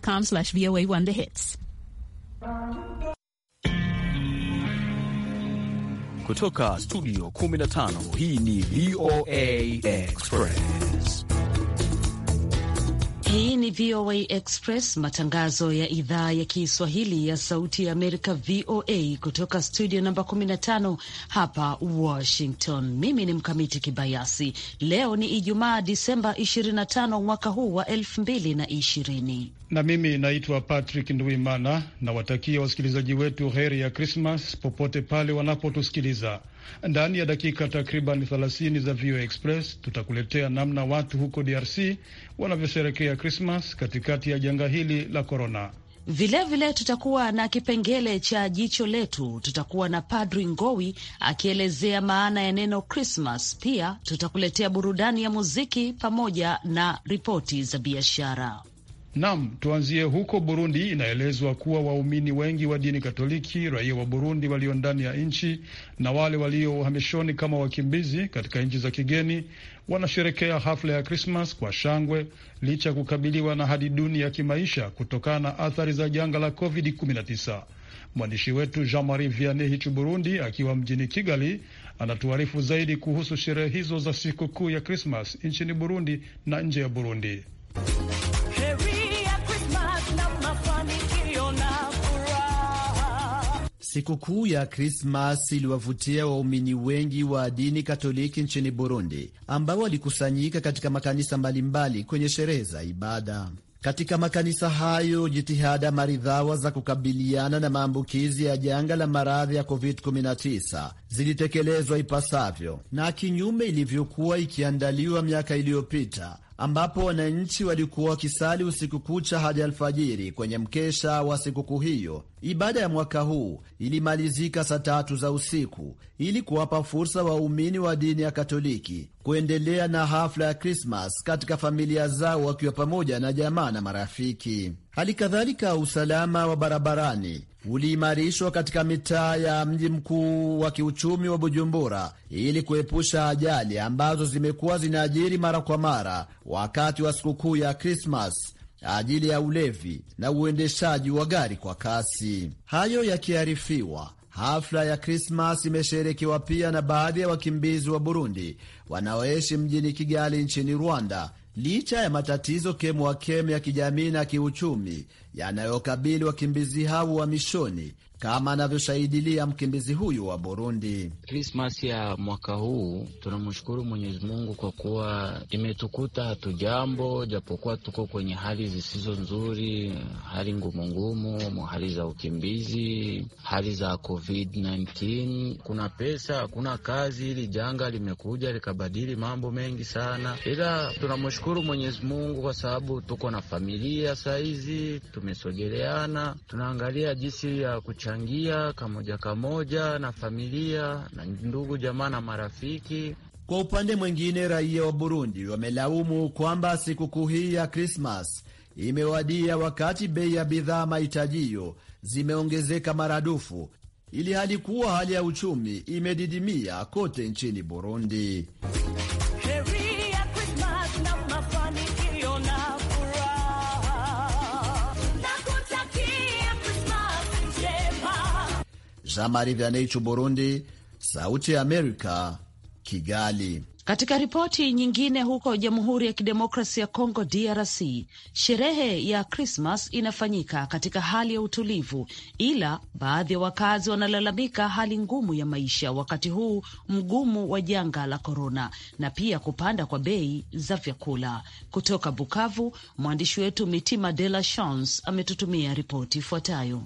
com slash VOA One The Hits. Kutoka studio 15 hii ni VOA Express. Hii ni VOA Express, matangazo ya idhaa ya Kiswahili ya Sauti ya Amerika, VOA, kutoka studio namba 15 hapa Washington. Mimi ni Mkamiti Kibayasi. Leo ni Ijumaa, Disemba 25 mwaka huu wa 2020, na mimi naitwa Patrick Nduimana. Nawatakia wasikilizaji wetu heri ya Krismas popote pale wanapotusikiliza. Ndani ya dakika takriban 30 za VOA Express tutakuletea namna watu huko DRC wanavyosherekea Krismas katikati ya janga hili la korona. Vilevile tutakuwa na kipengele cha jicho letu. Tutakuwa na Padri Ngowi akielezea maana ya neno Krismas. Pia tutakuletea burudani ya muziki pamoja na ripoti za biashara. Nam, tuanzie huko Burundi. Inaelezwa kuwa waumini wengi wa dini Katoliki, raia wa Burundi walio ndani ya nchi na wale walio uhamishoni kama wakimbizi katika nchi za kigeni wanasherekea hafla ya Krismas kwa shangwe licha ya kukabiliwa na hali duni ya kimaisha kutokana na athari za janga la COVID-19. Mwandishi wetu Jean Marie Vianney Hichu Burundi akiwa mjini Kigali anatuarifu zaidi kuhusu sherehe hizo za sikukuu ya Krismas nchini Burundi na nje ya Burundi. Sikukuu ya Krismas iliwavutia waumini wengi wa dini Katoliki nchini Burundi, ambao walikusanyika katika makanisa mbalimbali kwenye sherehe za ibada. Katika makanisa hayo, jitihada maridhawa za kukabiliana na maambukizi ya janga la maradhi ya COVID-19 zilitekelezwa ipasavyo na kinyume ilivyokuwa ikiandaliwa miaka iliyopita ambapo wananchi walikuwa wakisali usiku kucha hadi alfajiri kwenye mkesha wa sikukuu hiyo. Ibada ya mwaka huu ilimalizika saa tatu za usiku ili kuwapa fursa waumini wa dini ya Katoliki kuendelea na hafla ya Krismas katika familia zao wakiwa pamoja na jamaa na marafiki. Hali kadhalika usalama wa barabarani uliimarishwa katika mitaa ya mji mkuu wa kiuchumi wa Bujumbura ili kuepusha ajali ambazo zimekuwa zinaajiri mara kwa mara wakati wa sikukuu ya Krismas ajili ya ulevi na uendeshaji wa gari kwa kasi. Hayo yakiarifiwa, hafla ya Krismas imesherekewa pia na baadhi ya wakimbizi wa Burundi wanaoishi mjini Kigali nchini Rwanda Licha ya matatizo kemwakemwa ya kijamii na kiuchumi yanayokabili wakimbizi hao wa mishoni kama anavyoshahidilia mkimbizi huyu wa Burundi. Krismas ya mwaka huu tunamshukuru Mwenyezi Mungu kwa kuwa imetukuta hatujambo, japokuwa tuko kwenye hali zisizo nzuri, hali ngumungumu, hali za ukimbizi, hali za COVID-19. Kuna pesa, hakuna kazi. Hili janga limekuja likabadili mambo mengi sana, ila tunamshukuru Mwenyezi Mungu kwa sababu tuko na familia sahizi tumesogeleana, tunaangalia jinsi ya kucha kuchangia kamoja kamoja na familia na ndugu jamaa na marafiki. Kwa upande mwingine, raia wa Burundi wamelaumu kwamba sikukuu hii ya Krismas imewadia wakati bei ya bidhaa mahitajio zimeongezeka maradufu, ili hali kuwa hali ya uchumi imedidimia kote nchini Burundi. Jean-Marie Vianney Burundi, Sauti ya Amerika, Kigali. Katika ripoti nyingine, huko Jamhuri ya Kidemokrasi ya Kongo DRC, sherehe ya Krismas inafanyika katika hali ya utulivu, ila baadhi ya wakazi wanalalamika hali ngumu ya maisha wakati huu mgumu wa janga la korona na pia kupanda kwa bei za vyakula. Kutoka Bukavu, mwandishi wetu Mitima De La Chance ametutumia ripoti ifuatayo.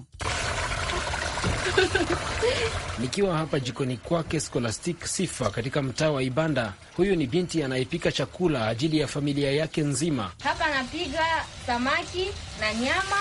Nikiwa hapa jikoni kwake Scholastic Sifa katika mtaa wa Ibanda. Huyu ni binti anayepika chakula ajili ya familia yake nzima. Hapa anapiga samaki na nyama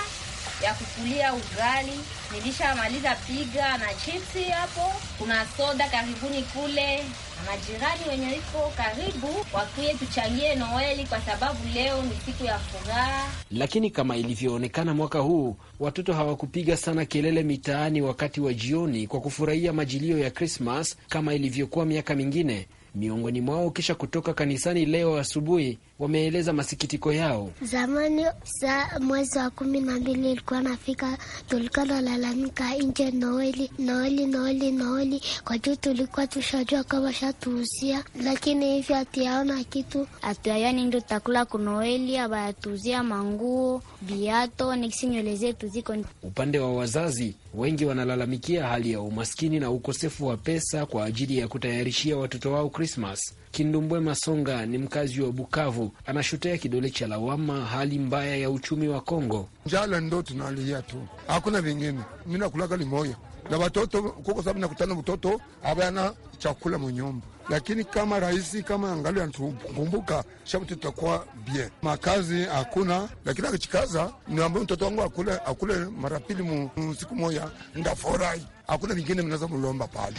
ya kukulia ugali Nilishamaliza piga na chipsi hapo, kuna soda karibuni kule na majirani wenye iko karibu wakuye tuchangie Noeli kwa sababu leo ni siku ya furaha. Lakini kama ilivyoonekana mwaka huu, watoto hawakupiga sana kelele mitaani wakati wa jioni kwa kufurahia majilio ya Krismas kama ilivyokuwa miaka mingine. Miongoni mwao kisha kutoka kanisani leo asubuhi wameeleza masikitiko yao. Zamani za mwezi wa kumi na mbili ilikuwa nafika, tulikuwa nalalamika nje, noeli noeli noeli noeli, kwa juu tulikuwa tushajua kama shatuuzia, lakini hivyo hatuyaona kitu, hatuyayani ndio tutakula kunoeli, abayatuuzia manguo, viato, nikisi nywele zetu ziko. Upande wa wazazi wengi wanalalamikia hali ya umaskini na ukosefu wa pesa kwa ajili ya kutayarishia watoto wao Krismas. Kindumbwe Masonga ni mkazi wa Bukavu anashutea kidole cha lawama hali mbaya ya uchumi wa Kongo. Njala ndo tunalia tu, hakuna vingine. Mi nakulaga limoya na watoto kuko sababu nakutana mtoto avana chakula munyumba, lakini kama rahisi kama angali anatukumbuka shabu tutakuwa bie Makazi hakuna, lakini akichikaza niambie mtoto wangu akule akule mara pili msiku siku moya, ndafurahi. Hakuna vingine mnaweza mulomba pale.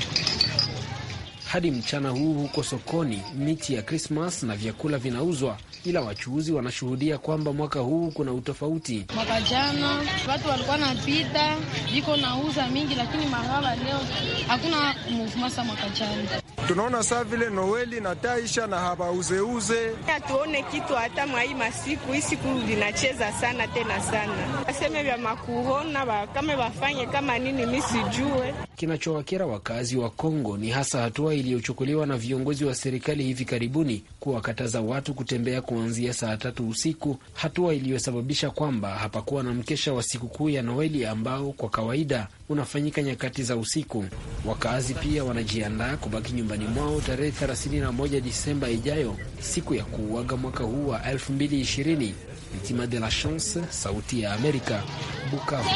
Hadi mchana huu huko sokoni, miti ya Krismas na vyakula vinauzwa, ila wachuuzi wanashuhudia kwamba mwaka huu kuna utofauti. Mwaka jana watu walikuwa napita viko nauza mingi, lakini mahala leo hakuna muvumasa mwaka jana tunaona saa vile Noeli na taisha na habauzeuze, hatuone kitu hata mwai masiku hii siku linacheza sana tena sana, aseme vya makuhona kama wafanye kama nini, mi sijue. Kinachowakera wakazi wa Kongo ni hasa hatua iliyochukuliwa na viongozi wa serikali hivi karibuni kuwakataza watu kutembea kuanzia saa tatu usiku, hatua iliyosababisha kwamba hapakuwa na mkesha wa sikukuu ya Noeli ambao kwa kawaida unafanyika nyakati za usiku. Wakazi pia wanajiandaa kubaki nyumbani mwao tarehe 31 Disemba ijayo, siku ya kuuaga mwaka huu wa 2020. Mitima de la Chance, Sauti ya Amerika, Bukavu.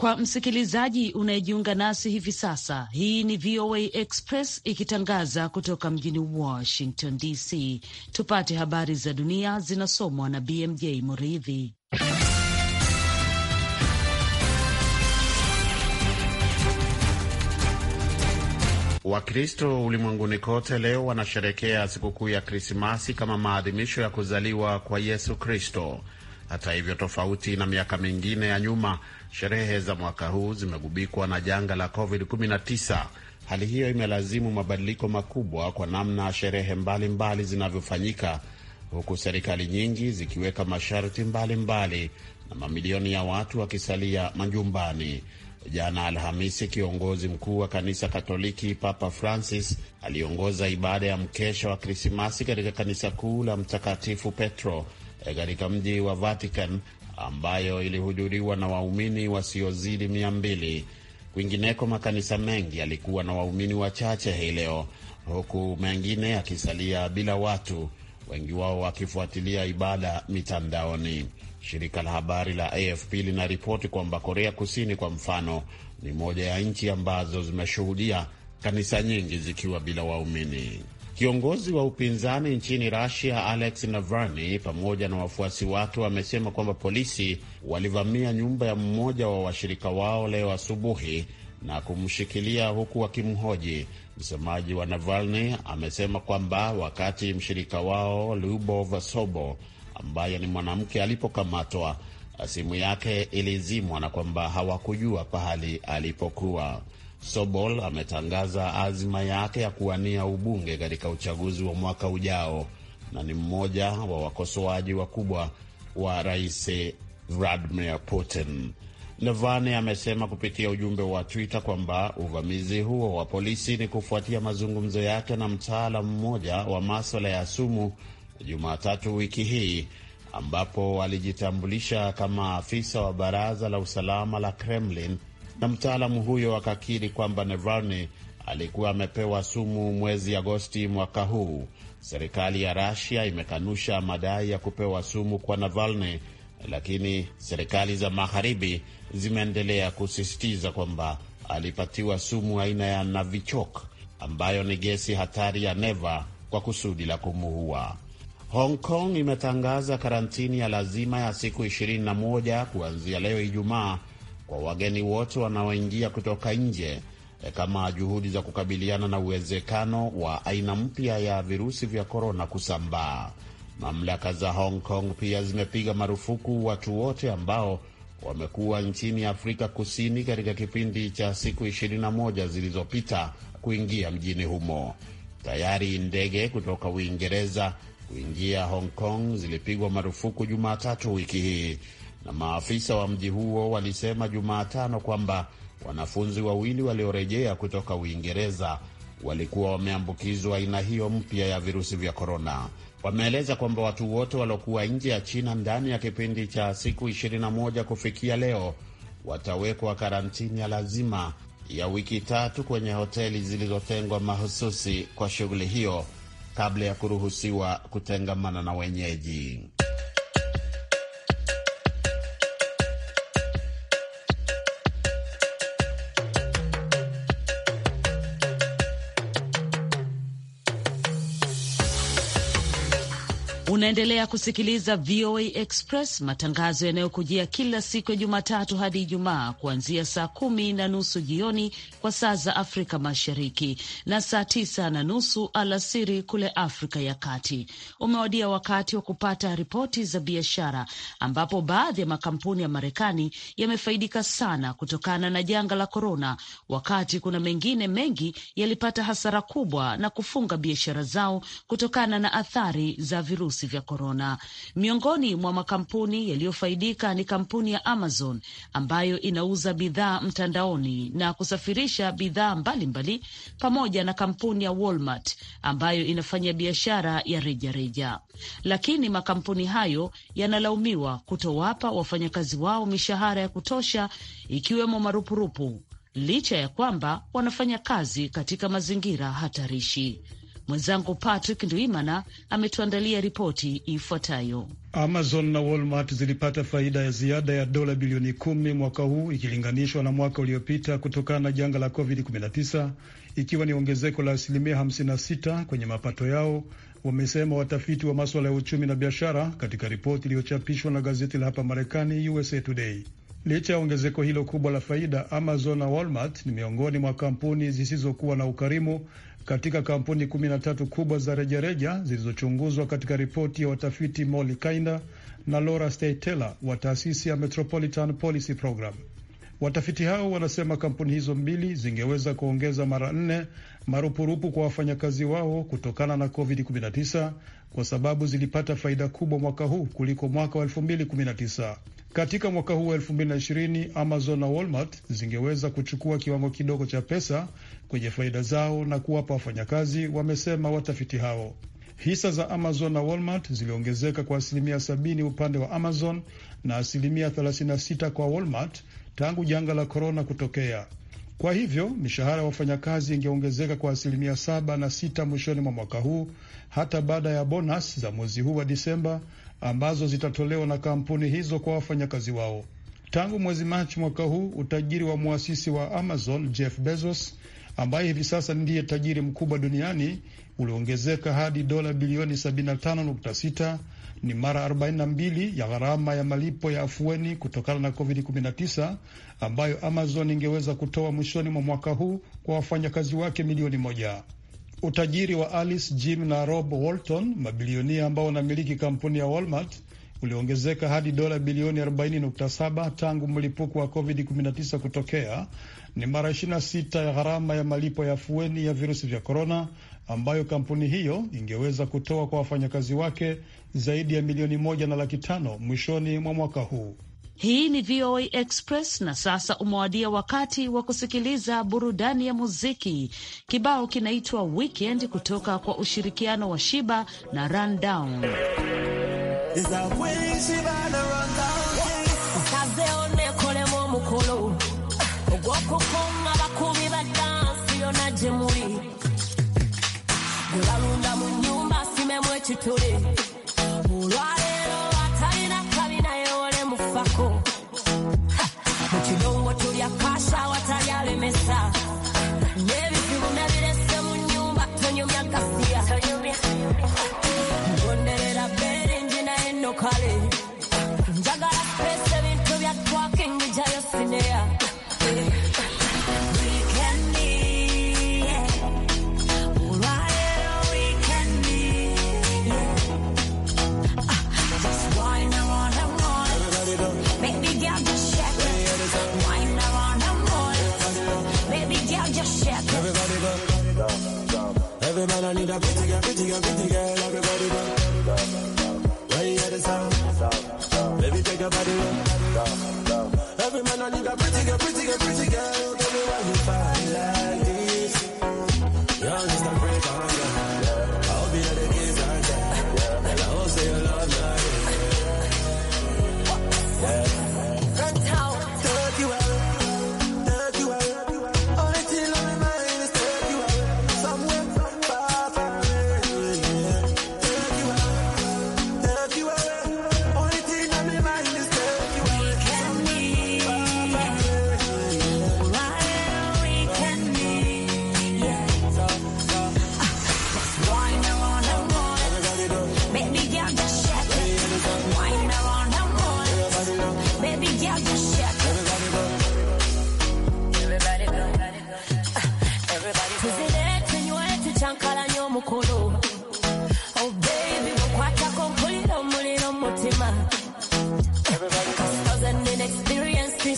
Kwa msikilizaji unayejiunga nasi hivi sasa, hii ni VOA Express ikitangaza kutoka mjini Washington DC. Tupate habari za dunia zinasomwa na BMJ Muridhi. Wakristo ulimwenguni kote leo wanasherekea sikukuu ya Krismasi kama maadhimisho ya kuzaliwa kwa Yesu Kristo. Hata hivyo, tofauti na miaka mingine ya nyuma, sherehe za mwaka huu zimegubikwa na janga la COVID-19. Hali hiyo imelazimu mabadiliko makubwa kwa namna sherehe mbalimbali zinavyofanyika, huku serikali nyingi zikiweka masharti mbalimbali na mamilioni ya watu wakisalia majumbani. Jana Alhamisi, kiongozi mkuu wa kanisa Katoliki Papa Francis aliongoza ibada ya mkesha wa Krismasi katika kanisa kuu la Mtakatifu Petro Eh, katika mji wa Vatican ambayo ilihudhuriwa na waumini wasiozidi mia mbili. Kwingineko makanisa mengi yalikuwa na waumini wachache hii leo, huku mengine yakisalia bila watu, wengi wao wakifuatilia ibada mitandaoni. Shirika la habari la AFP linaripoti kwamba Korea Kusini kwa mfano ni moja ya nchi ambazo zimeshuhudia kanisa nyingi zikiwa bila waumini. Kiongozi wa upinzani nchini Russia Alex Navalny pamoja na wafuasi wake wamesema kwamba polisi walivamia nyumba ya mmoja wa washirika wao leo asubuhi na kumshikilia huku wakimhoji. Msemaji wa Navalny amesema kwamba wakati mshirika wao lubo vasobo ambaye ni mwanamke alipokamatwa, simu yake ilizimwa na kwamba hawakujua pahali alipokuwa. Sobol ametangaza azima yake ya kuwania ubunge katika uchaguzi wa mwaka ujao na ni mmoja wa wakosoaji wakubwa wa rais Vladimir Putin. Levane amesema kupitia ujumbe wa Twitter kwamba uvamizi huo wa polisi ni kufuatia mazungumzo yake na mtaalamu mmoja wa maswala ya sumu Jumatatu wiki hii, ambapo alijitambulisha kama afisa wa baraza la usalama la Kremlin na mtaalamu huyo akakiri kwamba Navalny alikuwa amepewa sumu mwezi Agosti mwaka huu. Serikali ya Rasia imekanusha madai ya kupewa sumu kwa Navalny, lakini serikali za magharibi zimeendelea kusisitiza kwamba alipatiwa sumu aina ya navichok ambayo ni gesi hatari ya neva kwa kusudi la kumuua. Hong Kong imetangaza karantini ya lazima ya siku 21 kuanzia leo Ijumaa kwa wageni wote wanaoingia kutoka nje eh, kama juhudi za kukabiliana na uwezekano wa aina mpya ya virusi vya korona kusambaa. Mamlaka za Hong Kong pia zimepiga marufuku watu wote ambao wamekuwa nchini Afrika Kusini katika kipindi cha siku 21 zilizopita kuingia mjini humo. Tayari ndege kutoka Uingereza kuingia Hong Kong zilipigwa marufuku Jumatatu wiki hii na maafisa wa mji huo walisema Jumatano kwamba wanafunzi wawili waliorejea kutoka Uingereza walikuwa wameambukizwa aina hiyo mpya ya virusi vya korona. Wameeleza kwamba watu wote waliokuwa nje ya China ndani ya kipindi cha siku 21 kufikia leo watawekwa karantini ya lazima ya wiki tatu kwenye hoteli zilizotengwa mahususi kwa shughuli hiyo kabla ya kuruhusiwa kutengamana na wenyeji. Unaendelea kusikiliza VOA Express, matangazo yanayokujia kila siku ya Jumatatu hadi Ijumaa kuanzia saa kumi na nusu jioni kwa saa za Afrika Mashariki na saa tisa na nusu alasiri kule Afrika ya Kati. Umewadia wakati wa kupata ripoti za biashara, ambapo baadhi ya makampuni ya Marekani yamefaidika sana kutokana na janga la korona, wakati kuna mengine mengi yalipata hasara kubwa na kufunga biashara zao kutokana na athari za virusi vya vya korona. Miongoni mwa makampuni yaliyofaidika ni kampuni ya Amazon ambayo inauza bidhaa mtandaoni na kusafirisha bidhaa mbalimbali, pamoja na kampuni ya Walmart ambayo inafanya biashara ya rejareja. Lakini makampuni hayo yanalaumiwa kutowapa wafanyakazi wao mishahara ya kutosha, ikiwemo marupurupu, licha ya kwamba wanafanya kazi katika mazingira hatarishi. Mwenzangu Patrick Ndwimana ametuandalia ripoti ifuatayo. Amazon na Walmart zilipata faida ya ziada ya dola bilioni kumi mwaka huu ikilinganishwa na mwaka uliopita kutokana na janga la COVID-19, ikiwa ni ongezeko la asilimia 56 kwenye mapato yao, wamesema watafiti wa maswala ya uchumi na biashara katika ripoti iliyochapishwa na gazeti la hapa Marekani USA Today. Licha ya ongezeko hilo kubwa la faida, Amazon na Walmart ni miongoni mwa kampuni zisizokuwa na ukarimu katika kampuni 13 kubwa za rejareja zilizochunguzwa katika ripoti ya watafiti Molly Kainda na Laura Steitela wa taasisi ya Metropolitan Policy Program. Watafiti hao wanasema kampuni hizo mbili zingeweza kuongeza mara nne marupurupu kwa wafanyakazi wao kutokana na COVID-19 kwa sababu zilipata faida kubwa mwaka huu kuliko mwaka wa 2019. Katika mwaka huu wa 2020, Amazon na Walmart zingeweza kuchukua kiwango kidogo cha pesa kwenye faida zao na kuwapa wafanyakazi, wamesema watafiti hao. Hisa za Amazon na Walmart ziliongezeka kwa asilimia 70 upande wa Amazon na asilimia 36 kwa Walmart tangu janga la korona kutokea. Kwa hivyo mishahara ya wafanyakazi ingeongezeka kwa asilimia saba na sita mwishoni mwa mwaka huu hata baada ya bonus za mwezi huu wa Disemba ambazo zitatolewa na kampuni hizo kwa wafanyakazi wao. Tangu mwezi Machi mwaka huu utajiri wa mwasisi wa Amazon Jeff Bezos ambaye hivi sasa ndiye tajiri mkubwa duniani ulioongezeka hadi dola bilioni 75.6, ni mara 42 ya gharama ya malipo ya afueni kutokana na COVID-19 ambayo Amazon ingeweza kutoa mwishoni mwa mwaka huu kwa wafanyakazi wake milioni moja. Utajiri wa Alice, Jim na Rob Walton, mabilionia ambao wanamiliki kampuni ya Walmart, uliongezeka hadi dola bilioni 40.7 tangu mlipuko wa COVID-19 kutokea ni mara 26 ya gharama ya malipo ya fueni ya virusi vya korona ambayo kampuni hiyo ingeweza kutoa kwa wafanyakazi wake zaidi ya milioni moja na laki tano mwishoni mwa mwaka huu. Hii ni VOA Express na sasa umewadia wakati wa kusikiliza burudani ya muziki. Kibao kinaitwa Weekend kutoka kwa ushirikiano wa Shiba na Rundown. to today. girl, you got pretty girl, pretty girl. mukolo oh baby wakwatako mpulira omuliro omutima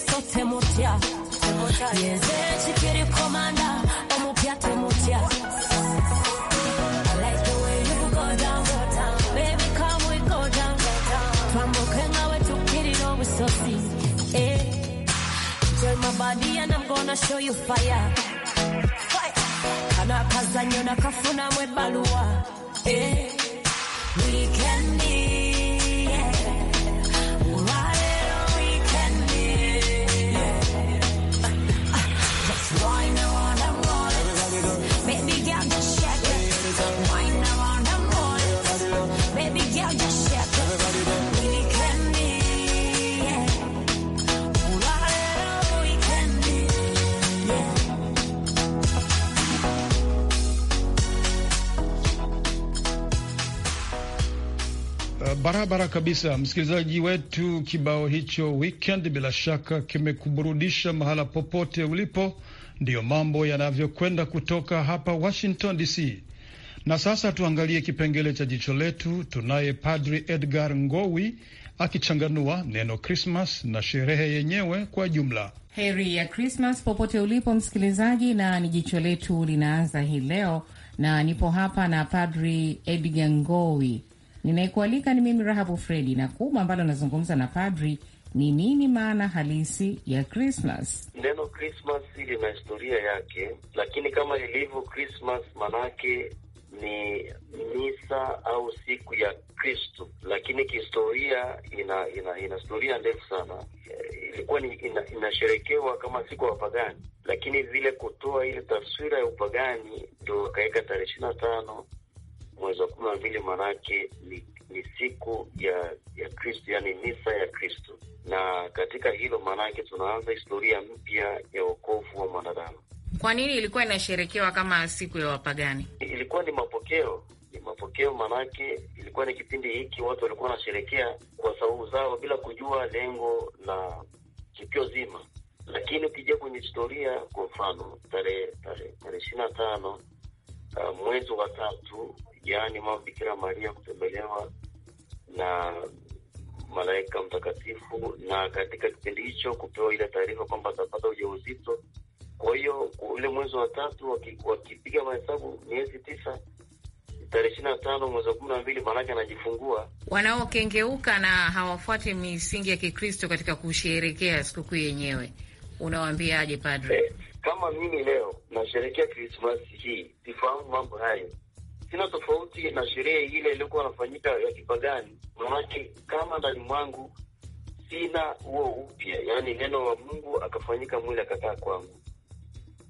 sote mutya yeze kikiri komanda omupya temutya show you fire. kasanyo nakafunamu ebbaluwa eh. barabara kabisa, msikilizaji wetu. Kibao hicho weekend, bila shaka kimekuburudisha mahala popote ulipo. Ndiyo mambo yanavyokwenda kutoka hapa Washington DC. Na sasa tuangalie kipengele cha jicho letu. Tunaye Padri Edgar Ngowi akichanganua neno Krismas na sherehe yenyewe kwa jumla. Heri ya Krismas popote ulipo msikilizaji, na ni jicho letu linaanza hii leo, na nipo hapa na Padri Edgar Ngowi Ninayekualika ni mimi Rahabu Fredi, na kubwa ambalo nazungumza na padri ni nini maana halisi ya Krismas? Neno Krismas lina historia yake, lakini kama ilivyo Krismas manake ni misa au siku ya Kristo, lakini kihistoria ina ina ina historia ndefu sana. Ilikuwa ina, inasherekewa kama siku ya wapagani, lakini vile kutoa ile taswira ya upagani ndo wakaweka tarehe ishirini na tano mwezi wa kumi na mbili maanake ni, ni siku ya ya Kristo, yani misa ya Kristo, na katika hilo maanake tunaanza historia mpya ya wokovu wa mwanadamu. Kwa nini ilikuwa inasherekewa kama siku ya wapagani? Ilikuwa ni mapokeo ni mapokeo, maanake ilikuwa ni kipindi hiki watu walikuwa wanasherekea kwa sababu zao bila kujua lengo la tukio zima. Lakini ukija kwenye historia, kwa mfano tarehe tarehe ishirini na tano uh, mwezi wa tatu yaani mama Bikira Maria kutembelewa na malaika mtakatifu, na katika kipindi hicho kupewa ile taarifa kwamba atapata ujauzito. Kwa hiyo ule mwezi wa tatu wakipiga mahesabu miezi tisa tarehe ishirini na tano mwezi wa kumi na mbili maanake anajifungua. Wanaokengeuka na hawafuati misingi ya Kikristo katika kusherekea sikukuu yenyewe unawaambiaje, padre? Eh, kama mimi leo nasherekea Krismasi hii sifahamu mambo hayo sina tofauti na sherehe ile iliyokuwa anafanyika ya kipagani, manake kama ndani mwangu sina huo upya, yaani neno wa Mungu akafanyika mwili akakaa kwangu.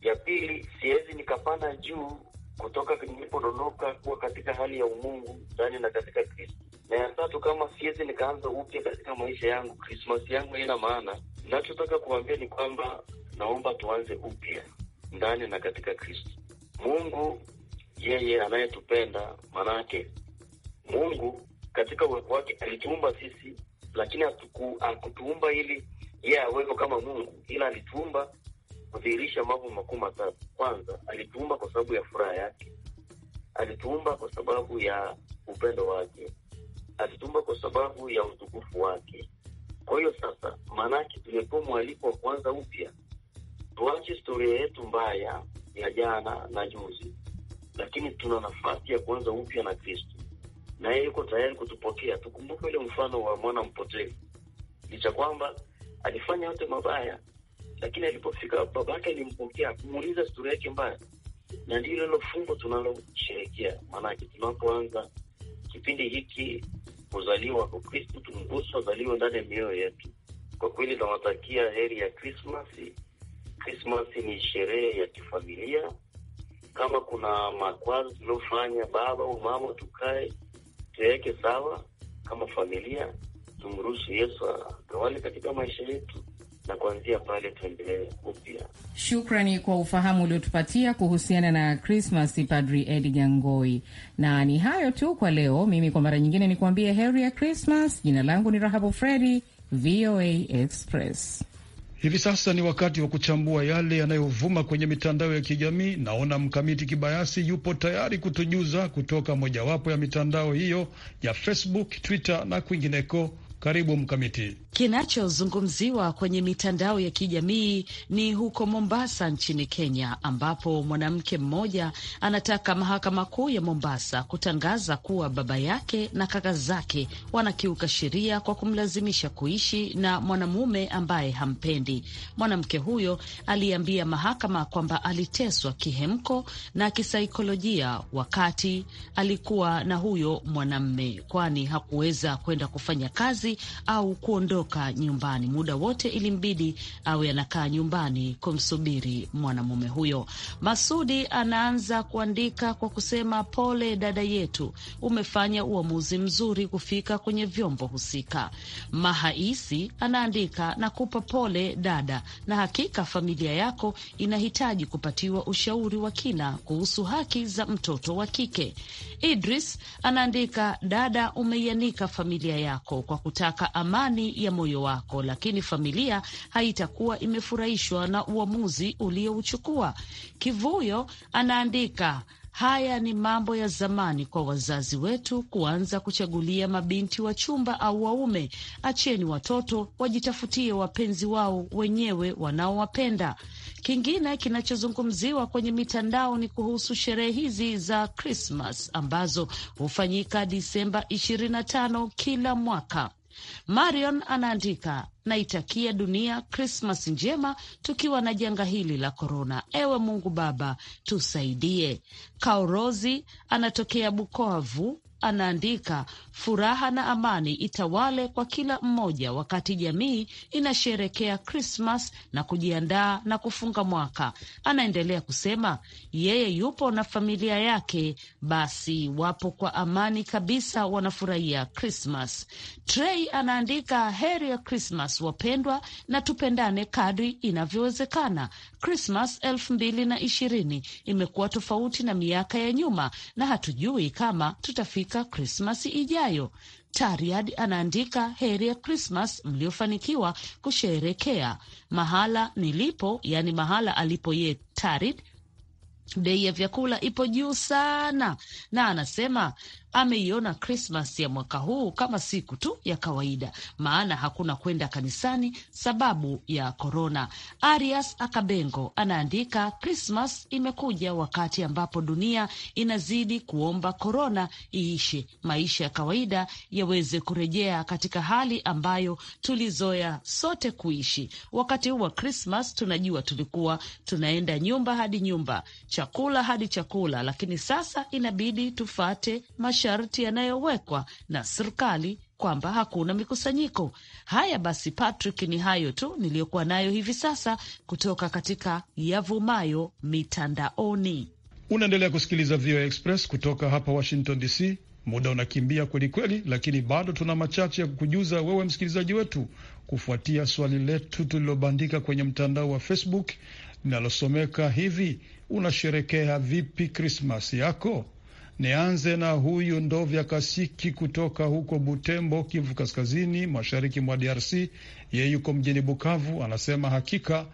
Ya pili, siwezi nikapanda juu kutoka nilipodondoka kuwa katika hali ya umungu ndani na katika Kristo. Na ya tatu, kama siwezi nikaanza upya katika maisha yangu, Krismasi yangu haina maana. Nachotaka kuambia ni kwamba naomba tuanze upya ndani na katika Kristo. Mungu yeye anayetupenda. Manake Mungu katika uwepo wake alituumba sisi, lakini hakutuumba ili yeye aweko kama Mungu, ila alituumba kudhihirisha mambo makuu matatu. Kwanza, alituumba kwa sababu ya furaha yake, alituumba kwa sababu ya upendo wake, alituumba kwa sababu ya utukufu wake. Kwa hiyo sasa, maanake tumekuwa mwaliko wa kwanza upya, tuache historia yetu mbaya ya jana na juzi, lakini tuna nafasi ya kuanza upya na Kristo, na yeye yuko tayari kutupokea. Tukumbuke ule mfano wa mwana mpotevu, licha kwamba alifanya yote mabaya, lakini alipofika babake alimpokea, kumuuliza stori yake mbaya, na ndio hilo fungo tunalosherekea. Maanake tunapoanza kipindi hiki kuzaliwa kwa Kristu, tumguswa zaliwe ndani ya mioyo yetu. Kwa kweli tunawatakia heri ya Krismasi. Krismasi ni sherehe ya kifamilia kama kuna makwazo tuliofanya baba au mama, tukae tuweke sawa kama familia, tumruhusu Yesu atawale katika maisha yetu na kuanzia pale tuendelee upya. Shukrani kwa ufahamu uliotupatia kuhusiana na Krismas, Padri Edgar Ngoi. Na ni hayo tu kwa leo. Mimi kwa mara nyingine nikuambie heri ya Krismas. Jina langu ni Rahabu Fredi, VOA Express. Hivi sasa ni wakati wa kuchambua yale yanayovuma kwenye mitandao ya kijamii. Naona Mkamiti Kibayasi yupo tayari kutujuza kutoka mojawapo ya mitandao hiyo ya Facebook, Twitter na kwingineko. Karibu Mkamiti. Kinachozungumziwa kwenye mitandao ya kijamii ni huko Mombasa nchini Kenya, ambapo mwanamke mmoja anataka mahakama kuu ya Mombasa kutangaza kuwa baba yake na kaka zake wanakiuka sheria kwa kumlazimisha kuishi na mwanamume ambaye hampendi. Mwanamke huyo aliambia mahakama kwamba aliteswa kihemko na kisaikolojia wakati alikuwa na huyo mwanamme, kwani hakuweza kwenda kufanya kazi kazi au kuondoka nyumbani. Muda wote ilimbidi awe anakaa nyumbani kumsubiri mwanamume huyo. Masudi anaanza kuandika kwa kusema, pole dada yetu, umefanya uamuzi mzuri kufika kwenye vyombo husika. Mahaisi anaandika, nakupa pole dada, na hakika familia yako inahitaji kupatiwa ushauri wa kina kuhusu haki za mtoto wa kike. Idris anaandika, dada, umeianika familia yako kwa kutaka amani ya moyo wako, lakini familia haitakuwa imefurahishwa na uamuzi uliouchukua. Kivuyo anaandika Haya ni mambo ya zamani kwa wazazi wetu kuanza kuchagulia mabinti wa chumba au waume. Acheni watoto wajitafutie wapenzi wao wenyewe wanaowapenda. Kingine kinachozungumziwa kwenye mitandao ni kuhusu sherehe hizi za Krismas ambazo hufanyika Disemba 25 kila mwaka. Marion anaandika naitakia dunia Krismas njema tukiwa na janga hili la korona. Ewe Mungu Baba tusaidie. Kaorozi anatokea Bukovu anaandika, furaha na amani itawale kwa kila mmoja wakati jamii inasherekea Krismas na kujiandaa na kufunga mwaka. Anaendelea kusema yeye yupo na familia yake, basi wapo kwa amani kabisa, wanafurahia Krismas. Trey anaandika, heri ya Krismas wapendwa, na tupendane kadri inavyowezekana. Krismas elfu mbili na ishirini imekuwa tofauti na miaka ya nyuma na hatujui kama tutafika kufanyika Krismasi ijayo. Tariad anaandika, heri ya Krismas mliofanikiwa kusherekea. Mahala nilipo, yani mahala alipo ye Tarid, bei ya vyakula ipo juu sana, na anasema ameiona Krismas ya mwaka huu kama siku tu ya kawaida, maana hakuna kwenda kanisani sababu ya korona. Arias Akabengo anaandika, Krismas imekuja wakati ambapo dunia inazidi kuomba korona iishe, maisha ya kawaida yaweze kurejea katika hali ambayo tulizoea sote kuishi. Wakati huu wa Krismas tunajua tulikuwa tunaenda nyumba hadi nyumba, chakula hadi chakula, lakini sasa inabidi tufate mash masharti yanayowekwa na serikali kwamba hakuna mikusanyiko. Haya basi, Patrick, ni hayo tu niliyokuwa nayo hivi sasa kutoka katika yavumayo mitandaoni. Unaendelea kusikiliza VOA Express kutoka hapa Washington DC. Muda unakimbia kweli kweli lakini bado tuna machache ya kukujuza wewe msikilizaji wetu, kufuatia swali letu tulilobandika kwenye mtandao wa Facebook linalosomeka hivi: unasherekea vipi Krismasi yako? Nianze na huyu Ndovya Kasiki kutoka huko Butembo, Kivu Kaskazini, mashariki mwa DRC. Yeye yuko mjini Bukavu, anasema hakika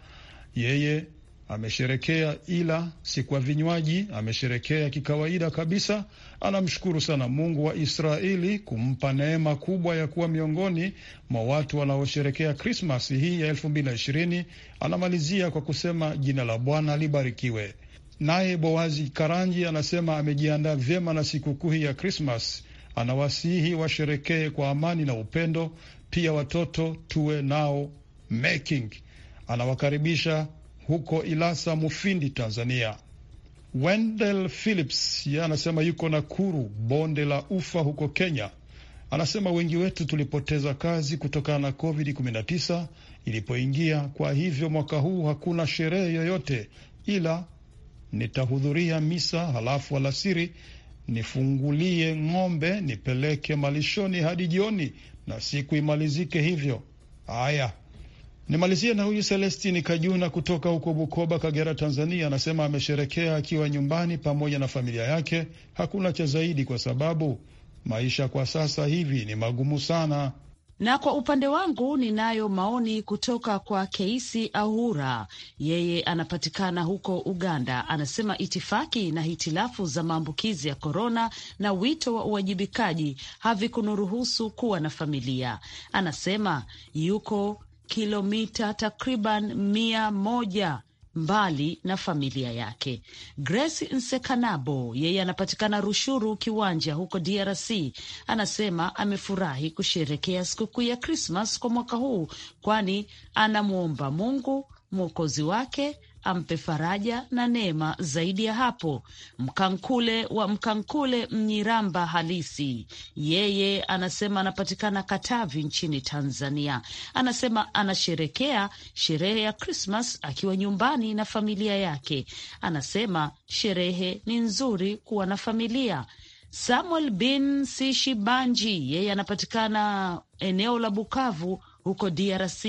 yeye amesherekea ila si kwa vinywaji, amesherekea kikawaida kabisa. Anamshukuru sana Mungu wa Israeli kumpa neema kubwa ya kuwa miongoni mwa watu wanaosherekea Krismasi hii ya elfu mbili na ishirini. Anamalizia kwa kusema jina la Bwana libarikiwe. Naye Boazi Karanji anasema amejiandaa vyema na sikukuu hii ya Krismas. Anawasihi washerekee kwa amani na upendo, pia watoto tuwe nao making. Anawakaribisha huko Ilasa, Mufindi, Tanzania. Wendel Phillips yeye anasema yuko Nakuru, bonde la Ufa huko Kenya. Anasema wengi wetu tulipoteza kazi kutokana na COVID-19 ilipoingia, kwa hivyo mwaka huu hakuna sherehe yoyote ila nitahudhuria misa, halafu alasiri nifungulie ng'ombe nipeleke malishoni hadi jioni, na siku imalizike hivyo. Haya, nimalizie na huyu Selestini Kajuna kutoka huko Bukoba, Kagera, Tanzania. Anasema amesherekea akiwa nyumbani pamoja na familia yake, hakuna cha zaidi, kwa sababu maisha kwa sasa hivi ni magumu sana. Na kwa upande wangu ninayo maoni kutoka kwa Keisi Ahura, yeye anapatikana huko Uganda. Anasema itifaki na hitilafu za maambukizi ya korona na wito wa uwajibikaji havikunuruhusu kuwa na familia. Anasema yuko kilomita takriban mia moja mbali na familia yake. Grace Nsekanabo yeye anapatikana Rushuru Kiwanja huko DRC, anasema amefurahi kusherekea sikukuu ya Krismas kwa mwaka huu, kwani anamwomba Mungu mwokozi wake ampe faraja na neema zaidi ya hapo. Mkankule wa Mkankule Mnyiramba halisi, yeye anasema anapatikana Katavi nchini Tanzania. Anasema anasherekea sherehe ya Krismas akiwa nyumbani na familia yake. Anasema sherehe ni nzuri kuwa na familia. Samuel bin Sishibanji yeye anapatikana eneo la Bukavu huko DRC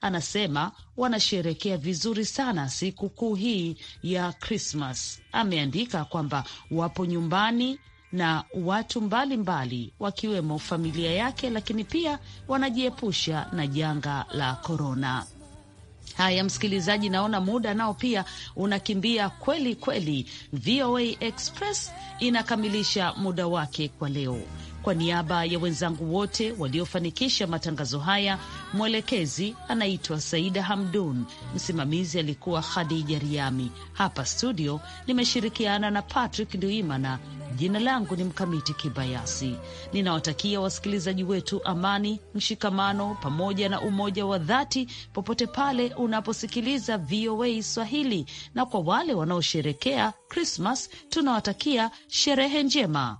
anasema wanasherekea vizuri sana sikukuu hii ya Krismas. Ameandika kwamba wapo nyumbani na watu mbalimbali wakiwemo familia yake, lakini pia wanajiepusha na janga la korona. Haya, msikilizaji, naona muda nao pia unakimbia kweli kweli. VOA Express inakamilisha muda wake kwa leo. Kwa niaba ya wenzangu wote waliofanikisha matangazo haya, mwelekezi anaitwa Saida Hamdun, msimamizi alikuwa Khadija Riami. Hapa studio nimeshirikiana na Patrick Nduimana. Jina langu ni Mkamiti Kibayasi. Ninawatakia wasikilizaji wetu amani, mshikamano pamoja na umoja wa dhati popote pale unaposikiliza VOA Swahili, na kwa wale wanaosherekea Krismas tunawatakia sherehe njema.